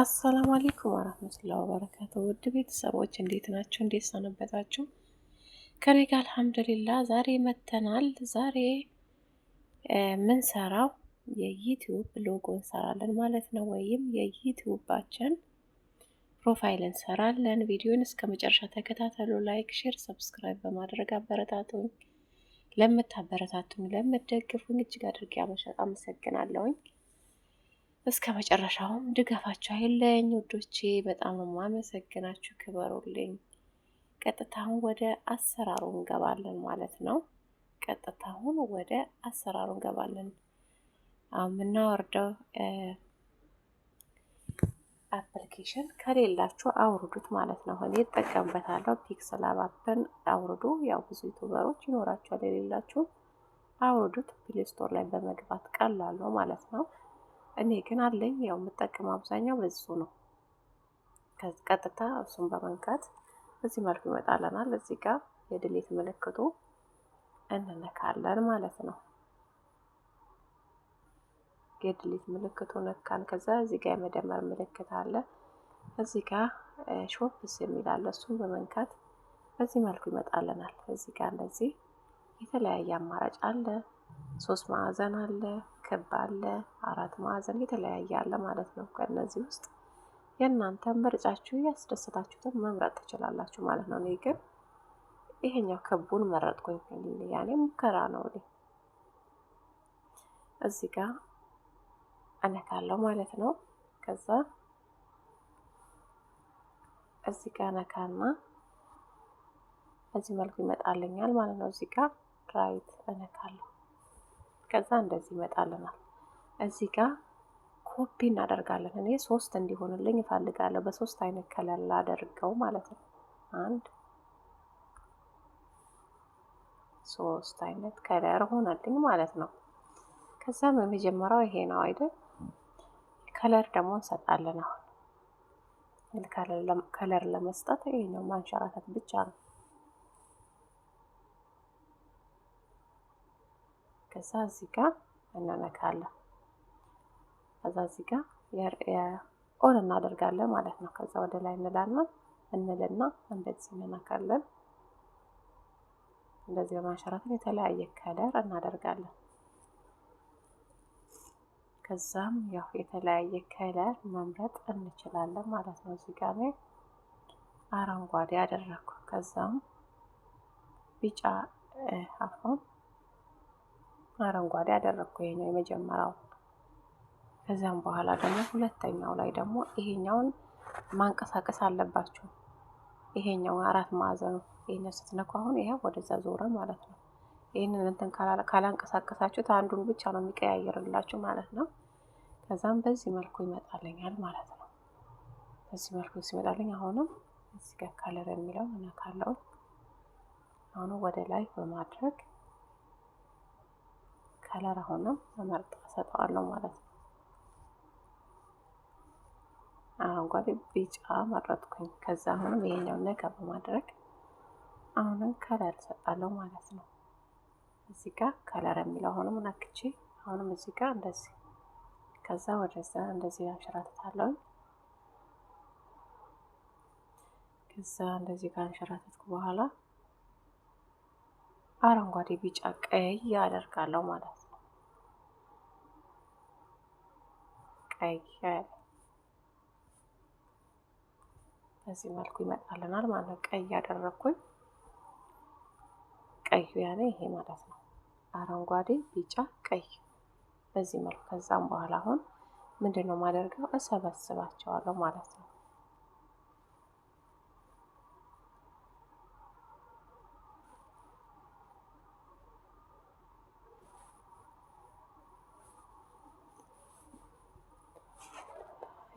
አሰላሙ አሌይኩም ወራህመቱላሂ ወበረካቱ ውድ ቤተሰቦች እንዴት ናችሁ? እንዴት ሰነበታችሁ? ከኔ ጋር አልሐምዱሊላህ። ዛሬ መተናል። ዛሬ ምንሰራው የዩቲዩብ ሎጎ እንሰራለን ማለት ነው፣ ወይም የዩቲዩባችን ፕሮፋይል እንሰራለን። ቪዲዮን እስከ መጨረሻ ተከታተሉ። ላይክ፣ ሼር፣ ሰብስክራይብ በማድረግ አበረታቱኝ። ለምታበረታቱኝ፣ ለምትደግፉኝ እጅግ አድርጌ አመሰግናለሁኝ። እስከ መጨረሻውም ድጋፋችሁ አይለኝ ውዶቼ፣ በጣም ነው የማመሰግናችሁ፣ ክበሩልኝ። ቀጥታውን ወደ አሰራሩ እንገባለን ማለት ነው። ቀጥታውን ወደ አሰራሩ እንገባለን። የምናወርደው አፕሊኬሽን ከሌላችሁ አውርዱት ማለት ነው። እኔ እጠቀምበታለሁ። ፒክስል አባፕን አውርዱ። ያው ብዙ ዩቱበሮች ይኖራችኋል፣ የሌላችሁ አውርዱት። ፕሌስቶር ላይ በመግባት ቀላል ነው ማለት ነው። እኔ ግን አለኝ ያው የምጠቀመው አብዛኛው በሱ ነው። ቀጥታ እሱን በመንካት በዚህ መልኩ ይመጣለናል። እዚህ ጋር የድሌት ምልክቱ እንነካለን ማለት ነው። የድሌት ምልክቱ ነካን። ከዛ እዚህ ጋር የመደመር ምልክት አለ። እዚህ ጋር ሾፕስ የሚል እሱን በመንካት በዚህ መልኩ ይመጣልናል። እዚህ ጋር እንደዚህ የተለያየ አማራጭ አለ። ሶስት ማዕዘን አለ፣ ክብ አለ፣ አራት ማዕዘን የተለያየ አለ ማለት ነው። ከእነዚህ ውስጥ የእናንተ ምርጫችሁ ያስደሰታችሁትን መምረጥ ትችላላችሁ ማለት ነው። እኔ ግን ይሄኛው ክቡን መረጥኩኝ። ያኔ ሙከራ ነው። እኔ እዚህ ጋር እነካለው ማለት ነው። ከዛ እዚህ ጋር እነካና በዚህ መልኩ ይመጣልኛል ማለት ነው። እዚህ ጋር ራይት እነካለሁ ከዛ እንደዚህ ይመጣልናል። እዚህ ጋር ኮፒ እናደርጋለን። እኔ ሶስት እንዲሆንልኝ እፈልጋለሁ። በሶስት አይነት ከለር ላደርገው ማለት ነው። አንድ ሶስት አይነት ከለር ሆነልኝ ማለት ነው። ከዛም የመጀመሪያው ይሄ ነው አይደል? ከለር ደግሞ እንሰጣለን። አሁን ከለር ለመስጠት ይሄ ነው ማንሸራተት ብቻ ነው። ከዛ እዚህ ጋር እንነካለን። ከዛ እዚህ ጋር ኦን እናደርጋለን ማለት ነው። ከዛ ወደ ላይ እንላና እንልና እንደዚህ እንነካለን። እንደዚህ በማንሸራተት የተለያየ ከለር እናደርጋለን። ከዛም ያው የተለያየ ከለር መምረጥ እንችላለን ማለት ነው። እዚህ ጋር ነው አረንጓዴ ያደረኩ። ከዛም ቢጫ አሁን አረንጓዴ አደረግኩ። ነው የመጀመሪያው ከዚያም በኋላ ደግሞ ሁለተኛው ላይ ደግሞ ይሄኛውን ማንቀሳቀስ አለባችሁ። ይሄኛው አራት ማዕዘኑ ይሄኛው ስትነኩ አሁን ይሄ ወደዛ ዞረ ማለት ነው። ይህንን እንትን ካላንቀሳቀሳችሁት አንዱን ብቻ ነው የሚቀያየርላችሁ ማለት ነው። ከዛም በዚህ መልኩ ይመጣልኛል ማለት ነው። በዚህ መልኩ ሲመጣልኝ አሁንም እዚህ ጋር ካለር የሚለው እነካለሁ። አሁንም ወደ ላይ በማድረግ ከለር አሁንም መመርጥ ሰጠዋለሁ ማለት ነው። አረንጓዴ፣ ቢጫ መረጥኩኝ። ከዛ አሁንም ይሄኛውን ነገር በማድረግ አሁንም ከለር እሰጣለሁ ማለት ነው። እዚህ ጋር ከለር የሚለው አሁንም ነክቼ አሁንም እዚህ ጋር እንደዚህ ከዛ ወደዛ እንደዚህ አንሸራትታለሁ። ከዛ እንደዚህ ጋር አንሸራትትኩ በኋላ አረንጓዴ፣ ቢጫ፣ ቀይ ያደርጋለሁ ማለት ነው። ቀይ በዚህ መልኩ ይመጣልናል ማለት ነው። ቀይ ያደረኩኝ ቀዩ ያኔ ይሄ ማለት ነው። አረንጓዴ፣ ቢጫ፣ ቀይ በዚህ መልኩ ከዛም በኋላ አሁን ምንድን ነው ማደርገው እሰበስባቸዋለሁ ማለት ነው።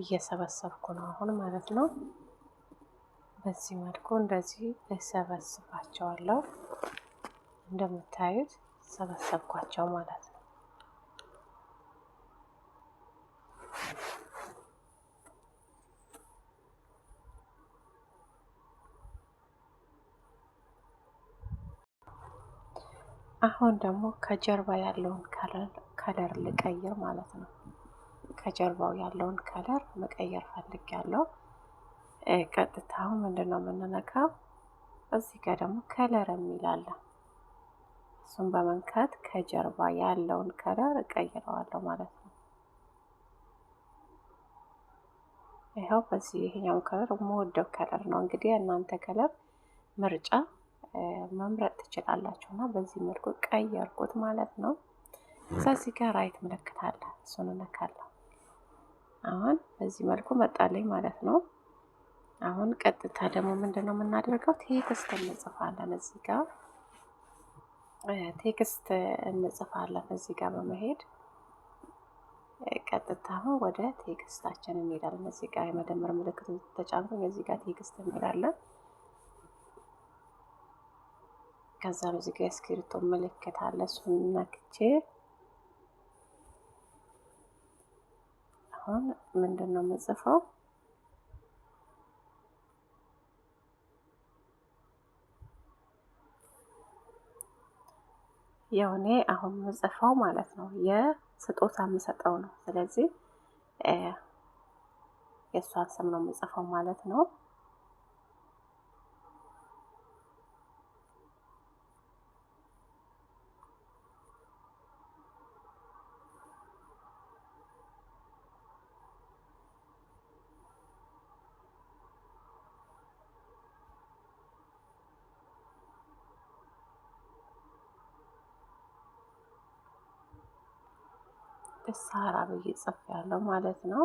እየሰበሰብኩ ነው አሁን ማለት ነው። በዚህ መልኩ እንደዚህ እሰበስባቸዋለሁ። እንደምታዩት ሰበሰብኳቸው ማለት ነው። አሁን ደግሞ ከጀርባ ያለውን ከለር ልቀይር ማለት ነው። ከጀርባው ያለውን ከለር መቀየር ፈልግ ያለው ቀጥታው ምንድን ነው የምንነካው? እዚህ ጋር ደግሞ ከለር የሚላለ እሱን በመንካት ከጀርባ ያለውን ከለር እቀይረዋለሁ ማለት ነው። ይኸው በዚህ ይሄኛው ከለር መወደብ ከለር ነው። እንግዲህ እናንተ ከለር ምርጫ መምረጥ ትችላላችሁ እና በዚህ መልኩ ቀየርኩት ማለት ነው። ከዚህ ጋር ራይት ምልክት አለ፣ እሱን እነካለሁ። አሁን በዚህ መልኩ መጣለኝ ማለት ነው። አሁን ቀጥታ ደግሞ ምንድን ነው የምናደርገው? ቴክስት እንጽፋለን። እዚህ ጋር ቴክስት እንጽፋለን። እዚህ ጋር በመሄድ ቀጥታ አሁን ወደ ቴክስታችን እንሄዳለን። እዚህ ጋር የመደመር ምልክት ተጫንኩኝ። እዚህ ጋር ቴክስት እንሄዳለን። ከዛም እዚህ ጋር ስክሪቶ ምልክት አለ። እሱን ነክቼ አሁን ምንድን ነው የምጽፈው? ያው እኔ አሁን የምጽፈው ማለት ነው የስጦታ የምሰጠው ነው። ስለዚህ የእሷን ስም ነው የምጽፈው ማለት ነው። ሳራ ብዬ ጽፍ ያለው ማለት ነው።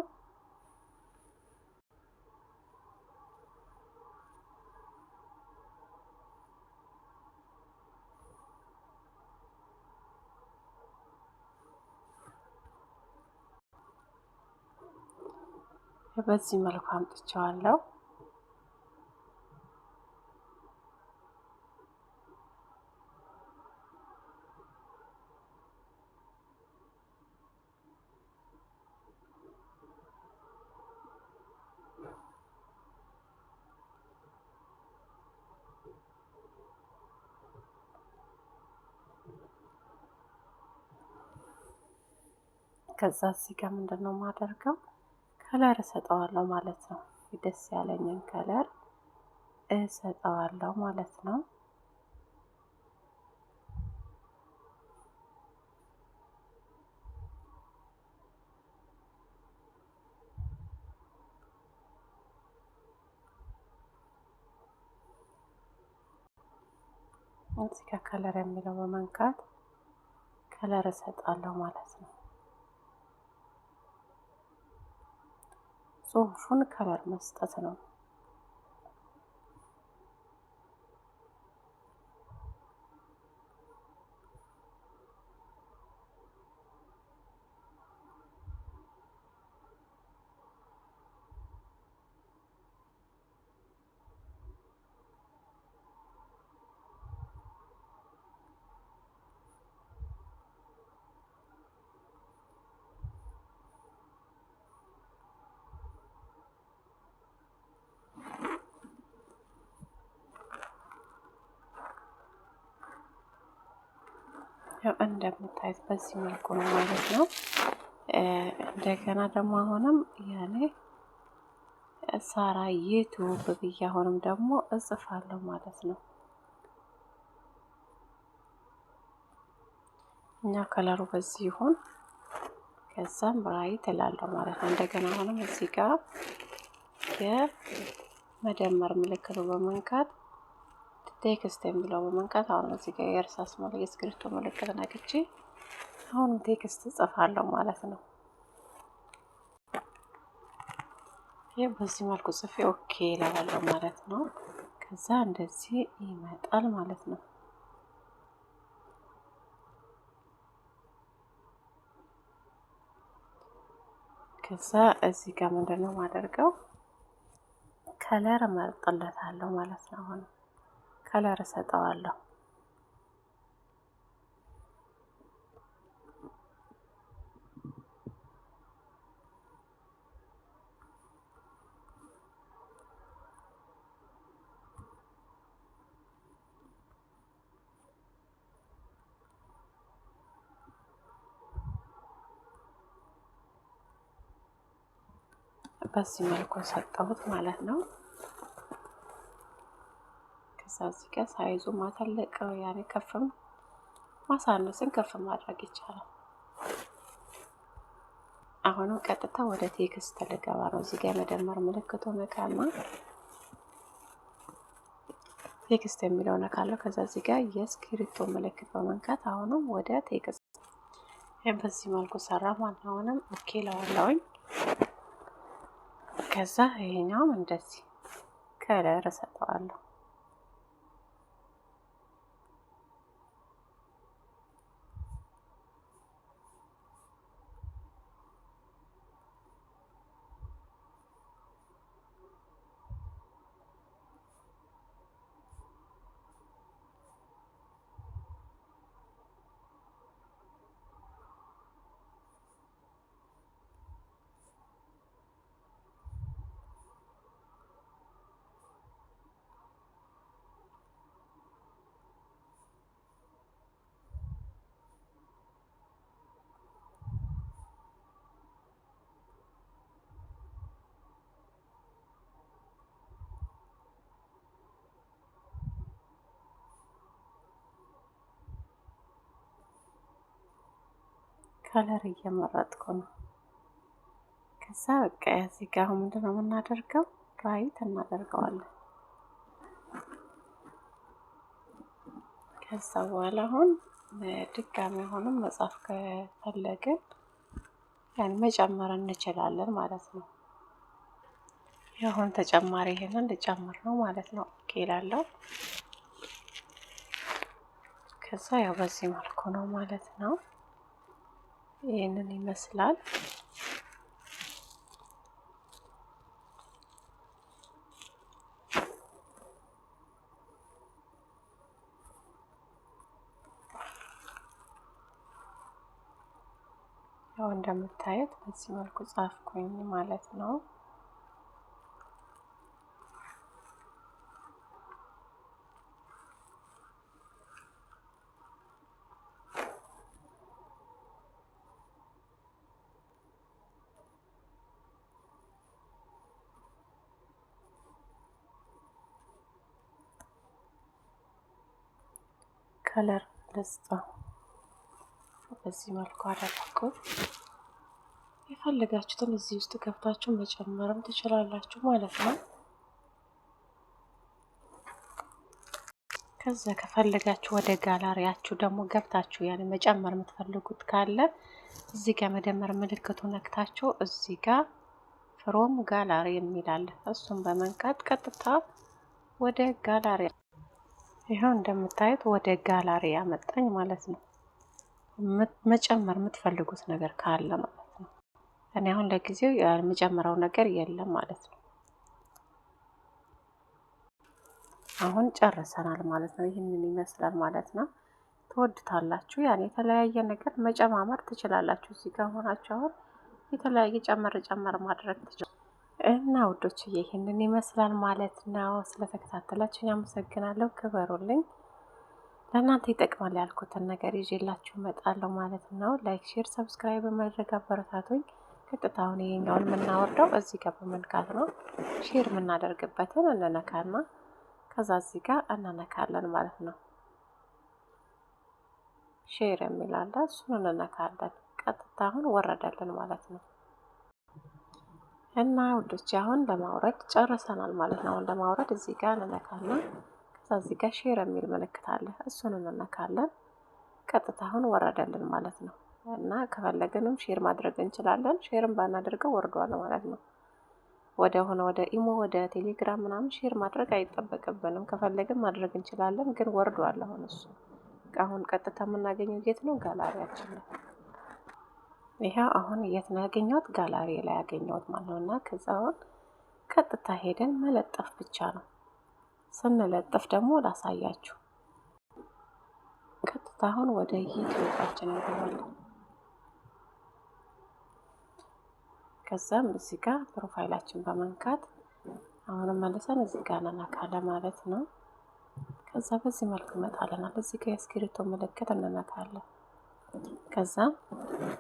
በዚህ መልኩ አምጥቼዋለሁ። ከዛ እዚህ ጋር ምንድን ነው የማደርገው ከለር እሰጠዋለሁ ማለት ነው። ደስ ያለኝን ከለር እሰጠዋለሁ ማለት ነው። እዚህ ጋር ከለር የሚለው በመንካት ከለር እሰጣለሁ ማለት ነው። ጽሁፉን ከለር መስጠት ነው። ያው እንደምታዩት በዚህ መልኩ ነው ማለት ነው። እንደገና ደግሞ አሁንም ያኔ ሳራ የቱ ብዬ አሁንም ደግሞ እጽፋለሁ ማለት ነው። እኛ ከለሩ በዚህ ይሁን ከዛም ራይት እላለሁ ማለት ነው። እንደገና አሁንም እዚህ ጋር የመደመር ምልክቱ በመንካት ቴክስት የሚለው በመንካት አሁን እዚህ ጋር የእርሳስ የእስክሪብቶ ምልክት ነክቼ አሁንም ቴክስት ጽፋለሁ ማለት ነው። ይህ በዚህ መልኩ ጽፌ ኦኬ እላለሁ ማለት ነው። ከዛ እንደዚህ ይመጣል ማለት ነው። ከዛ እዚህ ጋር ምንድነው ማደርገው ከለር መርጥለታለሁ ማለት ነው አሁንም ከለር እሰጠዋለሁ። በዚህ መልኩ ሰጠሁት ማለት ነው። እዛ እዚህ ጋር ሳይዙ ማተለቅ ያኔ ከፍም ማሳነስን ከፍ ማድረግ ይቻላል። አሁንም ቀጥታ ወደ ቴክስት ልገባ ነው። እዚህ ጋር መደመር ምልክቱ ነካና ቴክስት የሚለው ነካለሁ። ከዛ እዚህ ጋር የእስክሪብቶ ምልክት በመንካት አሁንም ወደ ቴክስት በዚህ መልኩ ሰራ ማለት ነው። አሁንም ኦኬ ለዋለውኝ። ከዛ ይሄኛውም እንደዚህ ከለር እሰጠዋለሁ። ከለር እየመረጥኩ ነው። ከዛ በቃ እዚህ ጋር አሁን ምንድን ነው የምናደርገው? ራይት እናደርገዋለን። ከዛ በኋላ አሁን ድጋሚ አሁንም መጻፍ ከፈለግን ያን መጨመር እንችላለን ማለት ነው። የአሁን ተጨማሪ ይሄንን ልጨምር ነው ማለት ነው። ኦኬ ከዛ ያው በዚህ መልኩ ነው ማለት ነው። ይህንን ይመስላል። ያው እንደምታየት በዚህ መልኩ ጻፍኩኝ ማለት ነው። ከለር ገጽታ በዚህ መልኩ አደረኩት። የፈለጋችሁትን እዚህ ውስጥ ገብታችሁ መጨመርም ትችላላችሁ ማለት ነው። ከዛ ከፈለጋችሁ ወደ ጋላሪያችሁ ደግሞ ገብታችሁ ያን መጨመር የምትፈልጉት ካለ እዚህ ጋር መደመር ምልክቱ ነክታችሁ እዚህ ጋር ፍሮም ጋላሪ የሚላለ እሱን በመንካት ቀጥታ ወደ ጋላሪ ይኸው እንደምታዩት ወደ ጋላሪ ያመጣኝ ማለት ነው። መጨመር የምትፈልጉት ነገር ካለ ማለት ነው። እኔ አሁን ለጊዜው የምጨምረው ነገር የለም ማለት ነው። አሁን ጨርሰናል ማለት ነው። ይህንን ይመስላል ማለት ነው። ትወድታላችሁ። ያን የተለያየ ነገር መጨማመር ትችላላችሁ። እዚህ ጋር ሆናችሁ አሁን የተለያየ ጨመር ጨመር ማድረግ ትችላል። እና ውዶችዬ ይህንን ይመስላል ማለት ነው። ስለተከታተላችሁ አመሰግናለሁ። ክበሩልኝ። ለእናንተ ይጠቅማል ያልኩትን ነገር ይዤላችሁ እመጣለሁ ማለት ነው። ላይክ፣ ሼር፣ ሰብስክራይብ በማድረግ አበረታቱኝ። ቀጥታውን ይሄኛውን የምናወርደው እዚህ ጋር በመንካት ነው። ሼር የምናደርግበትን እንነካና ከዛ እዚህ ጋር እንነካለን ማለት ነው። ሼር የሚላለ እሱን እንነካለን። ቀጥታ አሁን ወረደልን ማለት ነው። እና ውዶች አሁን ለማውረድ ጨርሰናል ማለት ነው። አሁን ለማውረድ እዚህ ጋር እንነካለን። ከዛ እዚህ ጋር ሼር የሚል ምልክት አለ፣ እሱን እንነካለን። ቀጥታ አሁን ወረደልን ማለት ነው። እና ከፈለግንም ሼር ማድረግ እንችላለን። ሼርም ባናደርገው ወርዷል ማለት ነው። ወደ ሆነ ወደ ኢሞ ወደ ቴሌግራም ምናምን ሼር ማድረግ አይጠበቅብንም። ከፈለግን ማድረግ እንችላለን፣ ግን ወርዷል አሁን እሱ። አሁን ቀጥታ የምናገኘው የት ነው? ጋላሪያችን ነው። ይሄ አሁን የት ነው ያገኘሁት? ጋላሪ ላይ ያገኘሁት ማለት ነው። እና ከዛ አሁን ቀጥታ ሄደን መለጠፍ ብቻ ነው። ስንለጥፍ ደግሞ ላሳያችሁ። ቀጥታ አሁን ወደ ዩቲዩባችን እንገባለን። ከዛም እዚህ ጋር ፕሮፋይላችን በመንካት አሁንም መልሰን እዚህ ጋር እንነካለ ማለት ነው። ከዛ በዚህ መልኩ ይመጣልናል። እዚህ ጋር የእስክሪብቶ ምልክት እንነካለን። ከዛ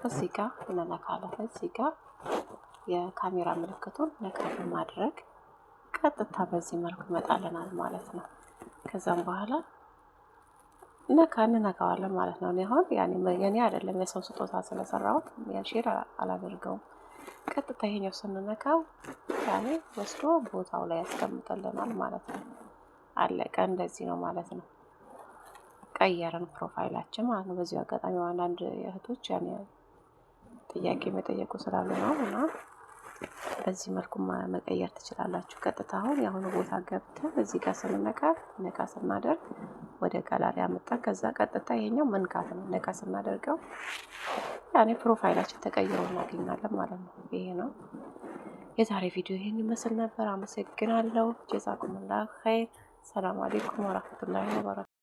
እዚህ ጋር እንነካለን። እዚህ ጋር የካሜራ ምልክቱን ነካ በማድረግ ቀጥታ በዚህ መልኩ ይመጣልናል ማለት ነው። ከዛም በኋላ ነካ እንነካዋለን ማለት ነው። እኔ የኔ አይደለም የሰው ስጦታ ስለሰራሁት ሼር አላደርገውም። ቀጥታ ይሄኛው ስንነካው ያኔ ወስዶ ቦታው ላይ ያስቀምጠልናል ማለት ነው። አለቀ። እንደዚህ ነው ማለት ነው። ቀየረን ፕሮፋይላችን ማለት ነው። በዚሁ አጋጣሚ አንዳንድ እህቶች ያን ጥያቄ መጠየቁ ስላሉ ነው እና በዚህ መልኩ መቀየር ትችላላችሁ። ቀጥታ አሁን የአሁኑ ቦታ ገብተን እዚህ ጋር ስንነቃል ነቃ ስናደርግ ወደ ጋላሪ አመጣን። ከዛ ቀጥታ ይሄኛው መንካት ነው። ነቃ ስናደርገው ያኔ ፕሮፋይላችን ተቀይሮ እናገኛለን ማለት ነው። ይሄ ነው የዛሬ ቪዲዮ ይህን ይመስል ነበር። አመሰግናለሁ። ጀዛኩሙላህ ኸይር። ሰላም አሌይኩም ወራህመቱላሂ ወበረካቱ